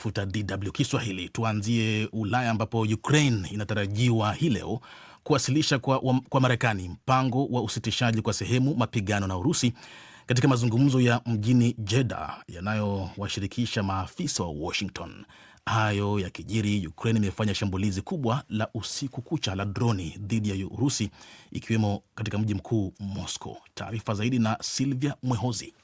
Tafuta DW Kiswahili. Tuanzie Ulaya ambapo Ukraine inatarajiwa hii leo kuwasilisha kwa, kwa Marekani mpango wa usitishaji kwa sehemu mapigano na Urusi katika mazungumzo ya mjini Jeddah yanayowashirikisha maafisa wa Washington. Hayo yakijiri, Ukraine imefanya shambulizi kubwa la usiku kucha la droni dhidi ya Urusi, ikiwemo katika mji mkuu Moscow. Taarifa zaidi na Silvia Mwehozi.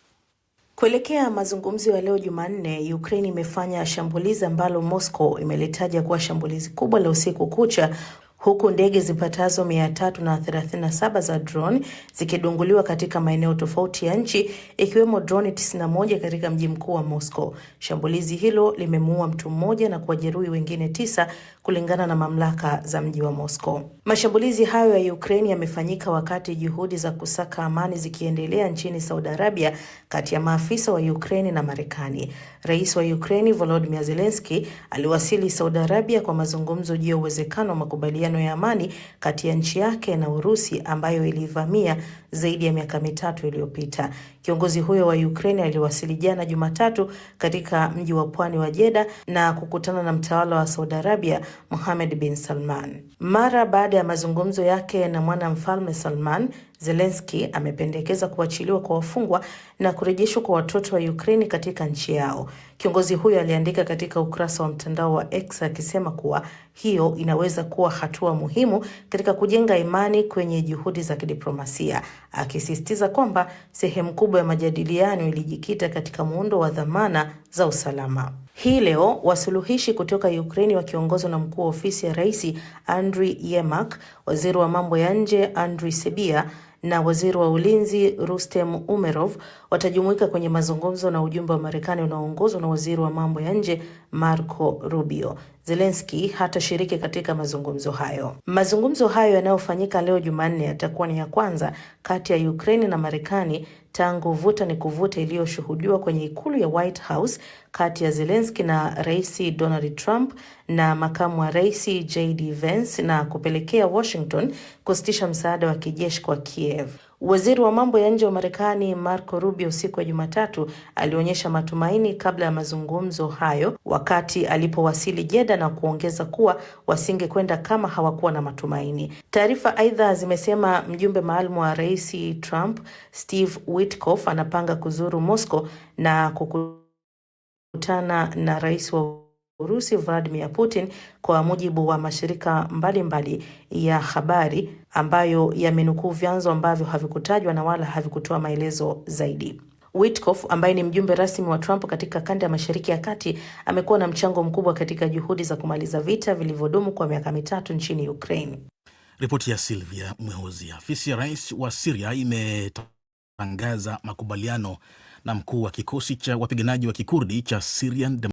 Kuelekea mazungumzo ya leo Jumanne, Ukraine imefanya shambulizi ambalo Moscow imelitaja kuwa shambulizi kubwa la usiku kucha huku ndege zipatazo 337 za drone zikidunguliwa katika maeneo tofauti ya nchi ikiwemo drone 91 katika mji mkuu wa Moscow. Shambulizi hilo limemuua mtu mmoja na kuwajeruhi wengine tisa kulingana na mamlaka za mji wa Moscow. Mashambulizi hayo ya Ukraine yamefanyika wakati juhudi za kusaka amani zikiendelea nchini Saudi Arabia kati ya maafisa wa Ukraine na Marekani. Rais wa Ukraine Volodymyr Zelensky aliwasili Saudi Arabia kwa mazungumzo juu ya uwezekano wa makubaliano makubaliano ya amani kati ya nchi yake na Urusi ambayo ilivamia zaidi ya miaka mitatu iliyopita. Kiongozi huyo wa Ukraine aliwasili jana Jumatatu katika mji wa pwani wa Jeddah na kukutana na mtawala wa Saudi Arabia Mohammed bin Salman. Mara baada ya mazungumzo yake na mwana mfalme Salman Zelensky amependekeza kuachiliwa kwa wafungwa na kurejeshwa kwa watoto wa Ukraine katika nchi yao. Kiongozi huyo aliandika katika ukurasa wa mtandao wa X akisema kuwa hiyo inaweza kuwa hatua muhimu katika kujenga imani kwenye juhudi za kidiplomasia, akisisitiza kwamba sehemu kubwa ya majadiliano ilijikita katika muundo wa dhamana za usalama. Hii leo wasuluhishi kutoka Ukraine wakiongozwa na mkuu wa ofisi ya rais Andriy Yermak, waziri wa mambo ya nje Andriy Sybiha na waziri wa ulinzi Rustem Umerov watajumuika kwenye mazungumzo na ujumbe wa Marekani unaoongozwa na waziri wa mambo ya nje Marco Rubio. Zelensky hatashiriki katika mazungumzo hayo. Mazungumzo hayo yanayofanyika leo Jumanne yatakuwa ni ya kwanza kati ya Ukraine na Marekani tangu vuta ni kuvuta iliyoshuhudiwa kwenye ikulu ya White House kati ya Zelensky na Rais Donald Trump na makamu wa Rais JD Vance na kupelekea Washington kusitisha msaada wa kijeshi kwa Kiev. Kiev. Waziri wa mambo ya nje wa Marekani Marco Rubio siku ya Jumatatu alionyesha matumaini kabla ya mazungumzo hayo wakati alipowasili jeda na kuongeza kuwa wasingekwenda kama hawakuwa na matumaini. Taarifa aidha zimesema mjumbe maalum wa Rais Trump Steve Witkoff anapanga kuzuru Moscow na kukutana na rais wa Urusi Vladimir Putin kwa mujibu wa mashirika mbalimbali mbali ya habari ambayo yamenukuu vyanzo ambavyo havikutajwa na wala havikutoa maelezo zaidi. Witkoff ambaye ni mjumbe rasmi wa Trump katika kanda ya Mashariki ya Kati amekuwa na mchango mkubwa katika juhudi za kumaliza vita vilivyodumu kwa miaka mitatu nchini Ukraine. Ripoti ya Silvia Mwehozi. Afisi ya rais wa Syria imetangaza makubaliano na mkuu wa kikosi cha wapiganaji wa Kikurdi cha Syrian